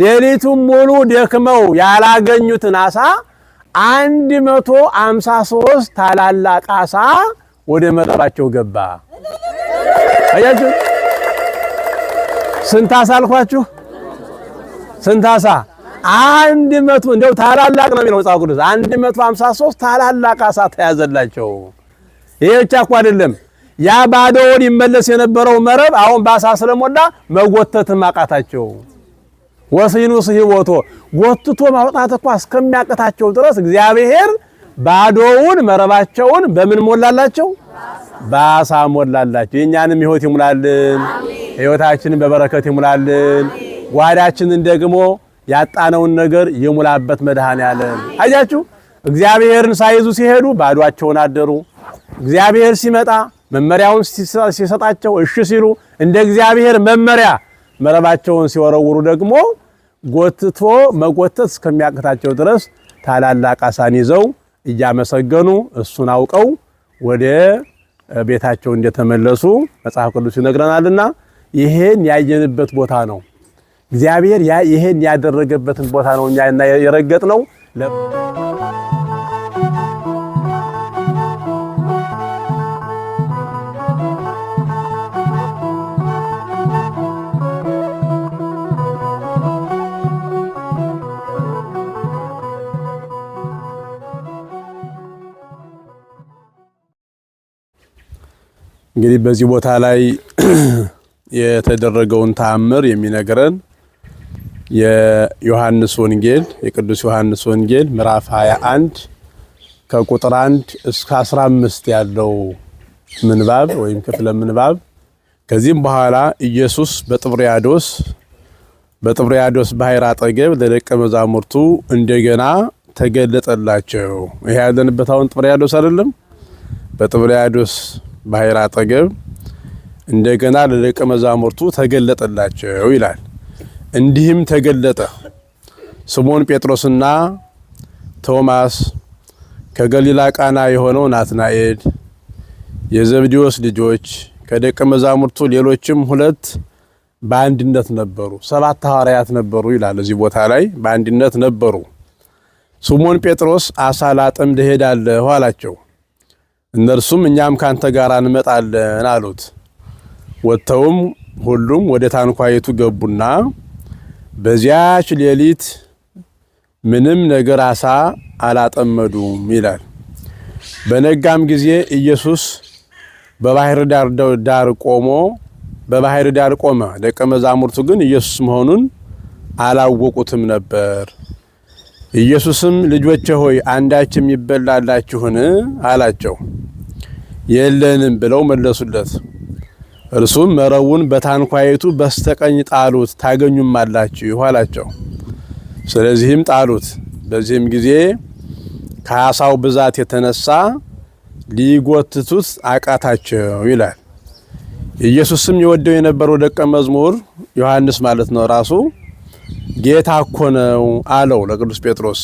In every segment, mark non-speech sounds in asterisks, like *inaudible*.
ሌሊቱን ሙሉ ደክመው ያላገኙትን አሳ አንድ መቶ ታላላቅ አሳ ወደ መረባቸው ገባ። አያችሁ? ስንት አሳ አልኳችሁ? ስንት አሳ? አንድ መቶ እንደው ታላላቅ ነው የሚለው መጽሐፍ ቅዱስ። 153 መቶ ታላላቅ አሳ ተያዘላቸው። ይሄ ብቻ እኮ አይደለም። ያ ባዶውን ይመለስ የነበረው መረብ አሁን በአሳ ስለሞላ መጎተትም አቃታቸው። ወስሂኑስ ወቶ ጎትቶ ማውጣት እኮ እስከሚያቅታቸው ድረስ እግዚአብሔር ባዶውን መረባቸውን በምን ሞላላቸው? በአሳ ሞላላቸው። የእኛንም ህይወት ይሙላልን። ህይወታችንን በበረከት ይሙላልን። ጓዳችንን ደግሞ ያጣነውን ነገር ይሙላበት መድኃኔዓለም። አያችሁ እግዚአብሔርን ሳይዙ ሲሄዱ ባዷቸውን አደሩ። እግዚአብሔር ሲመጣ መመሪያውን ሲሰጣቸው እሺ ሲሉ እንደ እግዚአብሔር መመሪያ መረባቸውን ሲወረውሩ ደግሞ ጎትቶ መጎተት እስከሚያቅታቸው ድረስ ታላላቅ አሳን ይዘው እያመሰገኑ እሱን አውቀው ወደ ቤታቸው እንደተመለሱ መጽሐፍ ቅዱስ ይነግረናልና ይሄን ያየንበት ቦታ ነው። እግዚአብሔር ይሄን ያደረገበትን ቦታ ነው እኛ የረገጥ ነው። እንግዲህ በዚህ ቦታ ላይ *clears throat* የተደረገውን ተአምር የሚነግረን የዮሐንስ ወንጌል የቅዱስ ዮሐንስ ወንጌል ምዕራፍ 21 ከቁጥር 1 እስከ 15 ያለው ምንባብ ወይም ክፍለ ምንባብ። ከዚህም በኋላ ኢየሱስ በጥብርያዶስ በጥብርያዶስ ባህር አጠገብ ለደቀ መዛሙርቱ እንደገና ተገለጠላቸው። ይሄ ያለንበት አሁን ጥብርያዶስ አይደለም። በጥብርያዶስ ባህር አጠገብ እንደገና ለደቀ መዛሙርቱ ተገለጠላቸው ይላል። እንዲህም ተገለጠ ሲሞን ጴጥሮስና ቶማስ ከገሊላ ቃና የሆነው ናትናኤል የዘብዴዎስ ልጆች ከደቀ መዛሙርቱ ሌሎችም ሁለት በአንድነት ነበሩ። ሰባት ሐዋርያት ነበሩ ይላል። እዚህ ቦታ ላይ በአንድነት ነበሩ። ሲሞን ጴጥሮስ አሳ ላጠምድ እሄዳለሁ አላቸው። እነርሱም እኛም ካንተ ጋር እንመጣለን አሉት። ወጥተውም ሁሉም ወደ ታንኳይቱ ገቡና በዚያች ሌሊት ምንም ነገር አሳ አላጠመዱም ይላል። በነጋም ጊዜ ኢየሱስ በባህር ዳር ዳር ቆሞ በባህር ዳር ቆመ። ደቀ መዛሙርቱ ግን ኢየሱስ መሆኑን አላወቁትም ነበር። ኢየሱስም ልጆቼ ሆይ አንዳች የሚበላ አላቸው። የለንም ብለው መለሱለት። እርሱም መረቡን በታንኳይቱ በስተቀኝ ጣሉት ታገኙማላችሁ አላቸው። ስለዚህም ጣሉት። በዚህም ጊዜ ከአሳው ብዛት የተነሳ ሊጎትቱት አቃታቸው ይላል። ኢየሱስም የወደው የነበረው ደቀ መዝሙር ዮሐንስ ማለት ነው ራሱ ጌታ እኮ ነው አለው ለቅዱስ ጴጥሮስ።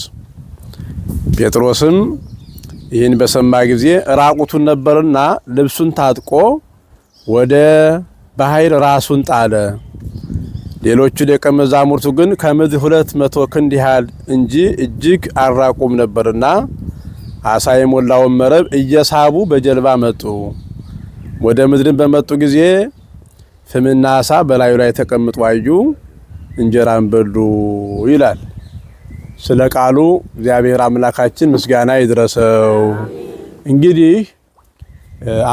ጴጥሮስም ይህን በሰማ ጊዜ ራቁቱን ነበርና ልብሱን ታጥቆ ወደ ባሕር ራሱን ጣለ። ሌሎቹ ደቀ መዛሙርቱ ግን ከምድር ሁለት መቶ ክንድ ያህል እንጂ እጅግ አራቁም ነበርና አሳ የሞላውን መረብ እየሳቡ በጀልባ መጡ። ወደ ምድርን በመጡ ጊዜ ፍምና አሳ በላዩ ላይ ተቀምጦ አዩ። እንጀራን በሉ ይላል። ስለ ቃሉ እግዚአብሔር አምላካችን ምስጋና ይድረሰው። እንግዲህ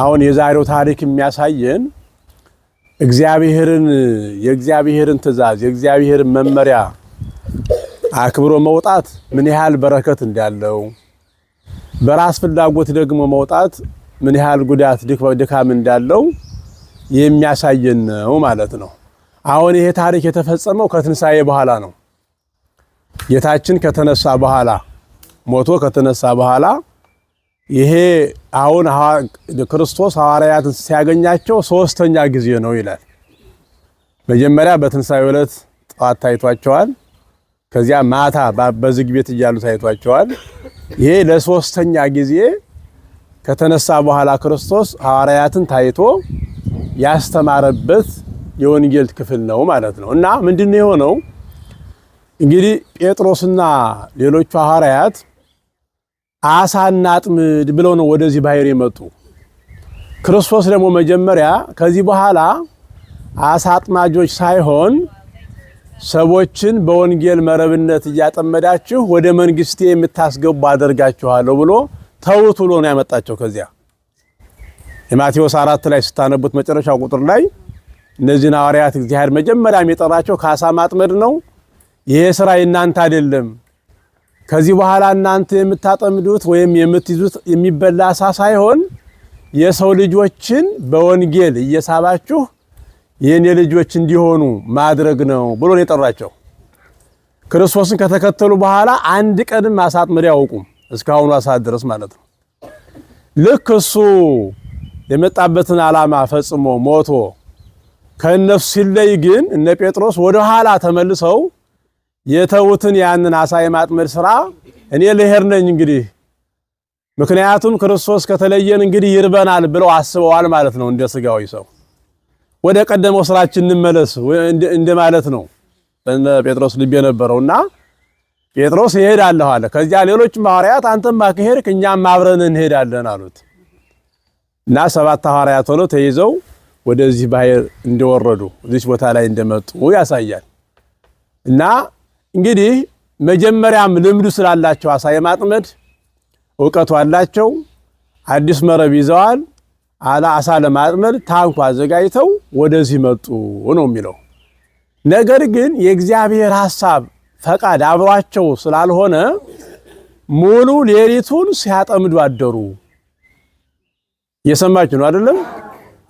አሁን የዛሬው ታሪክ የሚያሳየን እግዚአብሔርን የእግዚአብሔርን ትእዛዝ የእግዚአብሔርን መመሪያ አክብሮ መውጣት ምን ያህል በረከት እንዳለው በራስ ፍላጎት ደግሞ መውጣት ምን ያህል ጉዳት ድካም እንዳለው የሚያሳየን ነው ማለት ነው። አሁን ይሄ ታሪክ የተፈጸመው ከትንሣኤ በኋላ ነው። ጌታችን ከተነሳ በኋላ ሞቶ ከተነሳ በኋላ ይሄ አሁን ክርስቶስ ሐዋርያትን ሲያገኛቸው ሶስተኛ ጊዜ ነው ይላል። መጀመሪያ በትንሣኤ ዕለት ጠዋት ታይቷቸዋል። ከዚያ ማታ በዝግ ቤት እያሉ ታይቷቸዋል። ይሄ ለሶስተኛ ጊዜ ከተነሳ በኋላ ክርስቶስ ሐዋርያትን ታይቶ ያስተማረበት የወንጌል ክፍል ነው ማለት ነው። እና ምንድነው የሆነው እንግዲህ ጴጥሮስና ሌሎቹ ሐዋርያት አሳ እናጥምድ ብለው ነው ወደዚህ ባህር የመጡ። ክርስቶስ ደግሞ መጀመሪያ ከዚህ በኋላ አሳ አጥማጆች ሳይሆን ሰዎችን በወንጌል መረብነት እያጠመዳችሁ ወደ መንግስቴ የምታስገቡ አደርጋችኋለሁ ብሎ ተውት ብሎ ነው ያመጣቸው። ከዚያ የማቴዎስ አራት ላይ ስታነቡት መጨረሻው ቁጥር ላይ እነዚህን ሐዋርያት እግዚአብሔር መጀመሪያም የጠራቸው ከአሳ ማጥመድ ነው። ይሄ ስራ የእናንተ አይደለም፣ ከዚህ በኋላ እናንተ የምታጠምዱት ወይም የምትይዙት የሚበላ አሳ ሳይሆን የሰው ልጆችን በወንጌል እየሳባችሁ የእኔ ልጆች እንዲሆኑ ማድረግ ነው ብሎ ነው የጠራቸው። ክርስቶስን ከተከተሉ በኋላ አንድ ቀንም አሳ አጥምደው አያውቁም፣ እስካሁኑ አሳ ድረስ ማለት ነው። ልክ እሱ የመጣበትን ዓላማ ፈጽሞ ሞቶ ከእነሱ ሲለይ ግን እነ ጴጥሮስ ወደ ኋላ ተመልሰው የተዉትን ያንን አሳ የማጥመድ ስራ እኔ ልሄድ ነኝ እንግዲህ ምክንያቱም ክርስቶስ ከተለየን እንግዲህ ይርበናል ብለው አስበዋል ማለት ነው። እንደ ስጋዊ ሰው ወደ ቀደመው ስራችን እንመለስ እንደ ማለት ነው። በእነ ጴጥሮስ ልብ የነበረውና ጴጥሮስ ይሄዳለሁ አለ። ከዚያ ሌሎችም ሐዋርያት አንተም ከሄድክ እኛም አብረን እንሄዳለን አሉት እና ሰባት ሐዋርያት ሆነው ተይዘው ወደዚህ ባህር እንደወረዱ እዚህ ቦታ ላይ እንደመጡ ያሳያል። እና እንግዲህ መጀመሪያም ልምዱ ስላላቸው አሳ የማጥመድ እውቀቱ አላቸው። አዲስ መረብ ይዘዋል። አላ አሳ ለማጥመድ ታንኳ አዘጋጅተው ወደዚህ መጡ ነው የሚለው። ነገር ግን የእግዚአብሔር ሐሳብ ፈቃድ አብሯቸው ስላልሆነ ሙሉ ሌሊቱን ሲያጠምዱ አደሩ። እየሰማችሁ ነው አይደለም?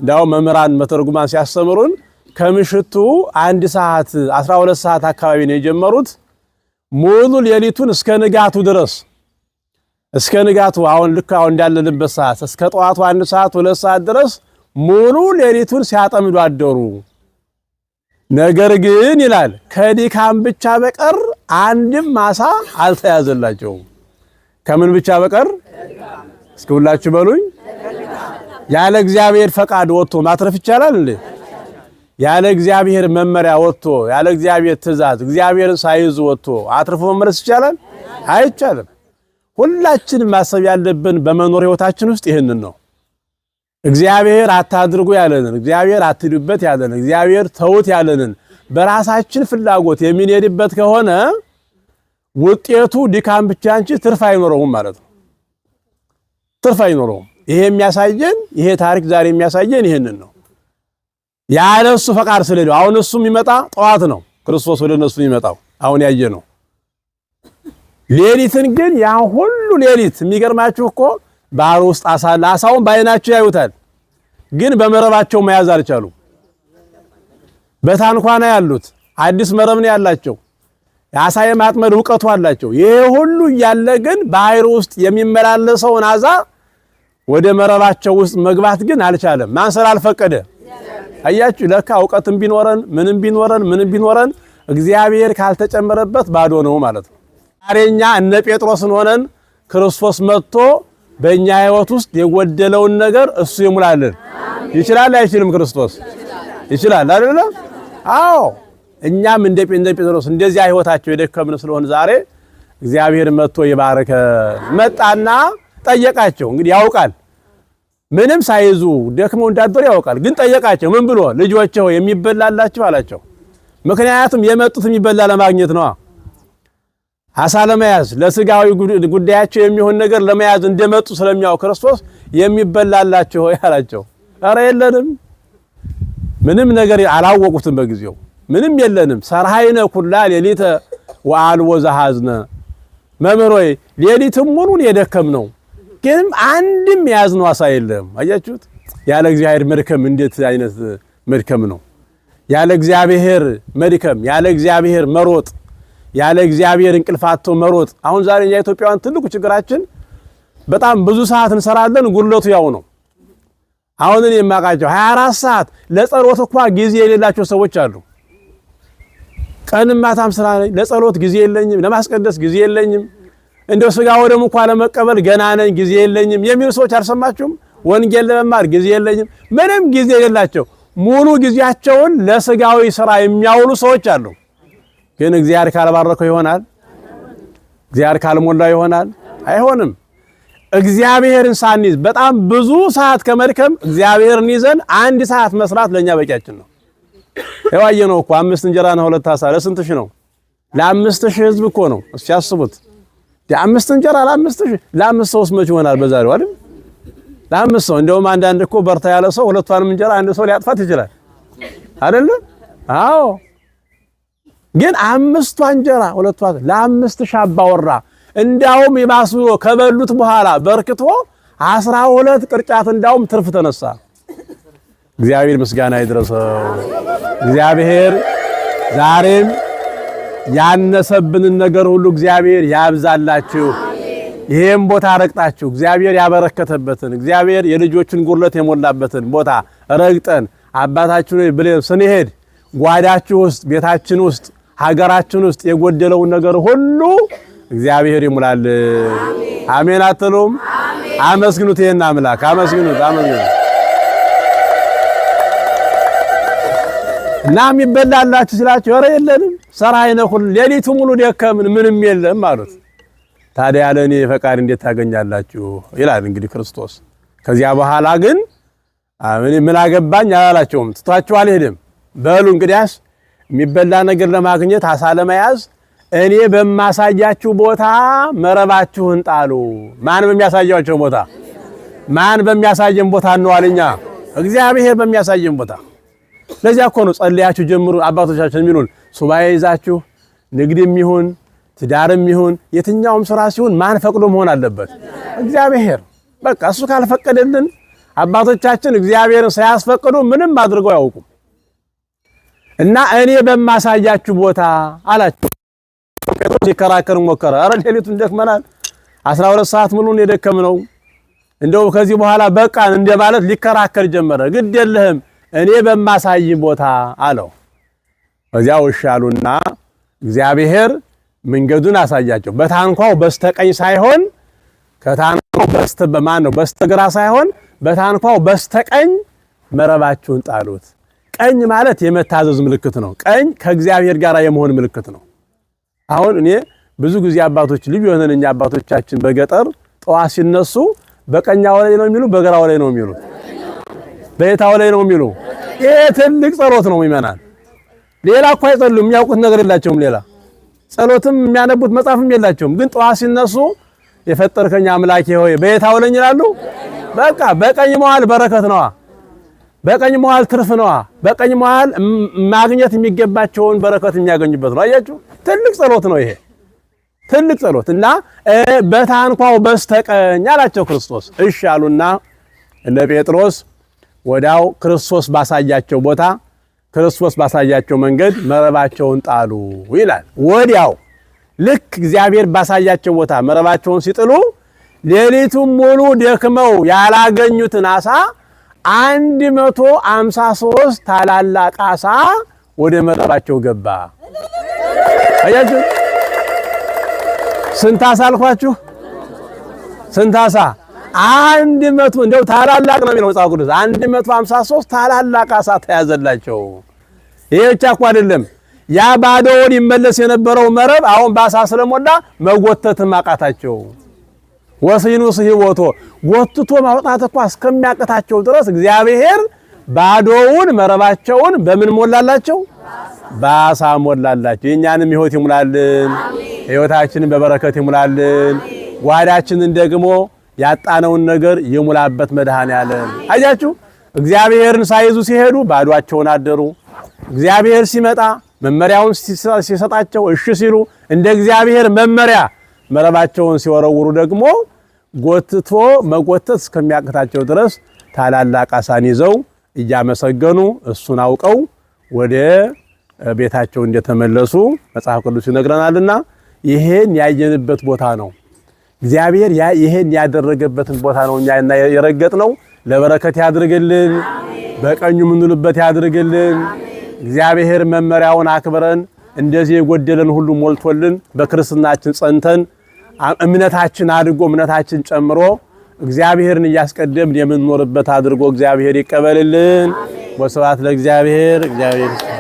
እንዳው መምህራን መተርጉማን ሲያስተምሩን ከምሽቱ አንድ ሰዓት 12 ሰዓት አካባቢ ነው የጀመሩት። ሙሉ ሌሊቱን እስከ ንጋቱ ድረስ እስከ ንጋቱ አሁን ልክ አሁን እንዳለንበት ሰዓት እስከ ጠዋቱ አንድ ሰዓት ሁለት ሰዓት ድረስ ሙሉ ሌሊቱን ሲያጠምዱ አደሩ። ነገር ግን ይላል ከድካም ብቻ በቀር አንድም ማሳ አልተያዘላቸውም። ከምን ብቻ በቀር እስኪ ሁላችሁ በሉኝ። ያለ እግዚአብሔር ፈቃድ ወጥቶ ማትረፍ ይቻላል እንዴ? ያለ እግዚአብሔር መመሪያ ወጥቶ ያለ እግዚአብሔር ትእዛዝ እግዚአብሔርን ሳይዝ ወጥቶ አትርፎ መመለስ ይቻላል? አይቻልም። ሁላችንም ማሰብ ያለብን በመኖር ህይወታችን ውስጥ ይህንን ነው። እግዚአብሔር አታድርጉ ያለንን፣ እግዚአብሔር አትዱበት ያለንን፣ እግዚአብሔር ተውት ያለንን በራሳችን ፍላጎት የምንሄድበት ከሆነ ውጤቱ ድካም ብቻ እንጂ ትርፍ አይኖረውም ማለት ነው። ትርፍ አይኖረውም። ይሄ የሚያሳየን ይሄ ታሪክ ዛሬ የሚያሳየን ይሄንን ነው። ያለ እሱ ፈቃድ ስለሌለው አሁን እሱ የሚመጣ ጠዋት ነው። ክርስቶስ ወደ እነሱ የሚመጣው አሁን ያየ ነው። ሌሊትን ግን ያ ሁሉ ሌሊት የሚገርማችሁ እኮ ባህር ውስጥ አሳ አሳውን በአይናቸው ያዩታል፣ ግን በመረባቸው መያዝ አልቻሉም። በታንኳና ያሉት አዲስ መረብ ነው ያላቸው። የአሳ የማጥመድ እውቀቱ አላቸው። ይሄ ሁሉ እያለ ግን ባህር ውስጥ የሚመላለሰውን አዛ ወደ መረባቸው ውስጥ መግባት ግን አልቻለም። ማን ስላልፈቀደ። አያችሁ ለካ እውቀትም ቢኖረን ምንም ቢኖረን ምንም ቢኖረን እግዚአብሔር ካልተጨመረበት ባዶ ነው ማለት ነው። ዛሬ እኛ እነ ጴጥሮስን ሆነን ክርስቶስ መጥቶ በእኛ ሕይወት ውስጥ የጎደለውን ነገር እሱ ይሙላልን። ይችላል አይችልም? ክርስቶስ ይችላል አይደለ? አዎ እኛም እንደ ጴጥሮስ እንደዚያ ሕይወታቸው የደከምን ስለሆን ዛሬ እግዚአብሔር መጥቶ የባረከ መጣና ጠየቃቸው። እንግዲህ ያውቃል ምንም ሳይዙ ደክመው እንዳደሩ ያውቃል። ግን ጠየቃቸው። ምን ብሎ ልጆች ሆይ የሚበላላችሁ አላቸው። ምክንያቱም የመጡት የሚበላ ለማግኘት ነው፣ አሳ ለመያዝ ለስጋዊ ጉዳያቸው የሚሆን ነገር ለመያዝ እንደመጡ ስለሚያው ክርስቶስ የሚበላላችሁ ሆይ አላቸው። ኧረ የለንም፣ ምንም ነገር አላወቁትም። በጊዜው ምንም የለንም። ሰርሃይነ ኩላ ሌሊተ ወአልቦ ዘኀዝነ መምህር ሆይ ሌሊትም ሙሉን የደከም ነው ግን አንድም የያዝነው አሳ የለም። አያችሁት? ያለ እግዚአብሔር መድከም እንዴት አይነት መድከም ነው! ያለ እግዚአብሔር መድከም፣ ያለ እግዚአብሔር መሮጥ፣ ያለ እግዚአብሔር እንቅልፋቶ መሮጥ። አሁን ዛሬ እኛ ኢትዮጵያውያን ትልቁ ችግራችን በጣም ብዙ ሰዓት እንሰራለን፣ ጉድለቱ ያው ነው። አሁን እኔ የማውቃቸው 24 ሰዓት ለጸሎት እንኳ ጊዜ የሌላቸው ሰዎች አሉ። ቀንም ማታም ስራ፣ ለጸሎት ጊዜ የለኝም፣ ለማስቀደስ ጊዜ የለኝም እንደው ስጋ ወደሙ እንኳ ለመቀበል ገና ነኝ ጊዜ የለኝም የሚሉ ሰዎች አልሰማችሁም? ወንጌል ለመማር ጊዜ የለኝም፣ ምንም ጊዜ የሌላቸው ሙሉ ጊዜያቸውን ለስጋዊ ስራ የሚያውሉ ሰዎች አሉ። ግን እግዚአብሔር ካልባረከው ይሆናል? እግዚአብሔር ካልሞላው ይሆናል? አይሆንም። እግዚአብሔርን ሳንይዝ በጣም ብዙ ሰዓት ከመድከም እግዚአብሔርን ይዘን አንድ ሰዓት መስራት ለኛ በቂያችን ነው። የዋየ ነው እኮ አምስት እንጀራና ሁለት አሳ ለስንት ሺህ ነው? ለአምስት ሺህ ህዝብ እኮ ነው። እስኪ አስቡት። አምስት እንጀራ ለአምስት ለአምስት ሰውስ መች ይሆናል? በዛሬው አይደል ለአምስት ሰው እንደውም አንዳንድ እኮ በርታ ያለ ሰው ሁለቷንም እንጀራ አንድ ሰው ሊያጥፋት ይችላል አይደል? አዎ። ግን አምስቷ እንጀራ ሁለቷ ለአምስት ሺህ አባወራ እንዳውም የባሱ ከበሉት በኋላ በርክቶ አስራ ሁለት ቅርጫት እንዳውም ትርፍ ተነሳ። እግዚአብሔር ምስጋና ይድረሰው። እግዚአብሔር ዛሬም ያነሰብንን ነገር ሁሉ እግዚአብሔር ያብዛላችሁ። ይሄም ቦታ ረግጣችሁ እግዚአብሔር ያበረከተበትን እግዚአብሔር የልጆችን ጉድለት የሞላበትን ቦታ ረግጠን አባታችሁ ነው ብለን ስንሄድ ጓዳችሁ ውስጥ ቤታችን ውስጥ ሀገራችን ውስጥ የጎደለውን ነገር ሁሉ እግዚአብሔር ይሙላል። አሜን አትሉም? አመስግኑት፣ ይሄን አምላክ አመስግኑት፣ አመስግኑት። እናም የሚበላላችሁ ስላቸው ኧረ የለንም ሰራ አይነኩል ሌሊቱ ሙሉ ደከምን ምንም የለም አሉት። ታዲያ ያለ እኔ ፈቃድ እንዴት ታገኛላችሁ ይላል እንግዲህ ክርስቶስ። ከዚያ በኋላ ግን ምን አገባኝ አላላቸውም፣ ትቷችሁ አልሄድም። በሉ እንግዲያስ የሚበላ ነገር ለማግኘት አሳ ለመያዝ እኔ በማሳያችሁ ቦታ መረባችሁን ጣሉ። ማን በሚያሳያቸው ቦታ? ማን በሚያሳየን ቦታ ነው አለኛ። እግዚአብሔር በሚያሳየን ቦታ ለዚያ እኮ ነው ጸልያችሁ ጀምሩ አባቶቻችን የሚሉን ሱባኤ ይዛችሁ ንግድም ይሁን ትዳርም ይሁን የትኛውም ስራ ሲሆን ማን ፈቅዶ መሆን አለበት? እግዚአብሔር። በቃ እሱ ካልፈቀደልን አባቶቻችን እግዚአብሔርን ሳያስፈቅዱ ምንም አድርገው አያውቁም። እና እኔ በማሳያችሁ ቦታ አላችሁ። ጴጥሮስ ሊከራከር ሞከረ። አረ ሌሊቱን ደክመናል፣ 12 ሁለት ሰዓት ሙሉን የደከምነው እንደው ከዚህ በኋላ በቃን እንደማለት ሊከራከር ጀመረ። ግድ የለህም እኔ በማሳይ ቦታ አለው። በዚያ ውሻሉና እግዚአብሔር መንገዱን አሳያቸው። በታንኳው በስተቀኝ ሳይሆን ከታንኳው በስተ በማን ነው በስተግራ ሳይሆን በታንኳው በስተቀኝ መረባችሁን ጣሉት። ቀኝ ማለት የመታዘዝ ምልክት ነው። ቀኝ ከእግዚአብሔር ጋር የመሆን ምልክት ነው። አሁን እኔ ብዙ ጊዜ አባቶች ልዩ የሆነን እኛ አባቶቻችን በገጠር ጠዋት ሲነሱ በቀኛው ላይ ነው የሚሉ በግራ ላይ ነው የሚሉት። በየታው ላይ ነው የሚሉ። ይሄ ትልቅ ጸሎት ነው የሚመናል። ሌላ እኮ አይጸሉም፣ የሚያውቁት ነገር የላቸውም። ሌላ ጸሎትም የሚያነቡት መጽሐፍም የላቸውም። ግን ጠዋት ሲነሱ የፈጠርከኝ አምላኬ ሆይ በየታው ላይ ይላሉ። በቃ በቀኝ መዋል በረከት ነዋ። በቀኝ መዋል ትርፍ ነዋ። በቀኝ መዋል ማግኘት የሚገባቸውን በረከት የሚያገኙበት ነው። አያችሁ፣ ትልቅ ጸሎት ነው ይሄ ትልቅ ጸሎት እና በታንኳው በስተቀኝ አላቸው ክርስቶስ። እሺ አሉና እነ ጴጥሮስ ወዳው ክርስቶስ ባሳያቸው ቦታ ክርስቶስ ባሳያቸው መንገድ መረባቸውን ጣሉ ይላል። ወዲያው ልክ እግዚአብሔር ባሳያቸው ቦታ መረባቸውን ሲጥሉ ሌሊቱን ሙሉ ደክመው ያላገኙትን አሳ 153 መቶ ታላላቅ አሳ ወደ መረባቸው ገባ። አያችሁ? ስንት አሳ አልኳችሁ? ስንት አሳ አንድ መቶ እንደው ታላላቅ ነው የሚለው መጽሐፍ ቅዱስ አንድ መቶ ሃምሳ ሦስት ታላላቅ አሳ ተያዘላቸው። ይሄ ብቻ እኮ አይደለም። ያ ባዶውን ይመለስ የነበረው መረብ አሁን በአሳ ስለሞላ መጎተትም አቃታቸው። ወሲኑ ስሕቦቶ ጎትቶ ማውጣት እኮ እስከሚያቅታቸው ድረስ እግዚአብሔር ባዶውን መረባቸውን በምን ሞላላቸው? በአሳ ሞላላቸው። የእኛንም ህይወት ይሙላልን፣ ህይወታችንን በበረከት ይሙላልን፣ ጓዳችንን ደግሞ ያጣነውን ነገር የሙላበት መድኃኔዓለም። አያችሁ እግዚአብሔርን ሳይዙ ሲሄዱ ባዷቸውን አደሩ። እግዚአብሔር ሲመጣ መመሪያውን ሲሰጣቸው እሺ ሲሉ እንደ እግዚአብሔር መመሪያ መረባቸውን ሲወረውሩ ደግሞ ጎትቶ መጎተት እስከሚያቅታቸው ድረስ ታላላቅ አሳን ይዘው እያመሰገኑ እሱን አውቀው ወደ ቤታቸው እንደተመለሱ መጽሐፍ ቅዱስ ይነግረናልና ይሄን ያየንበት ቦታ ነው። እግዚአብሔር ይሄን ያደረገበትን ቦታ ነው እኛ የረገጥ ነው። ለበረከት ያድርግልን፣ በቀኙ የምንውልበት ያድርግልን። እግዚአብሔር መመሪያውን አክብረን እንደዚህ የጎደለን ሁሉ ሞልቶልን በክርስትናችን ጸንተን እምነታችን አድርጎ እምነታችን ጨምሮ እግዚአብሔርን እያስቀደምን የምንኖርበት አድርጎ እግዚአብሔር ይቀበልልን። ወስብሐት ለእግዚአብሔር። እግዚአብሔር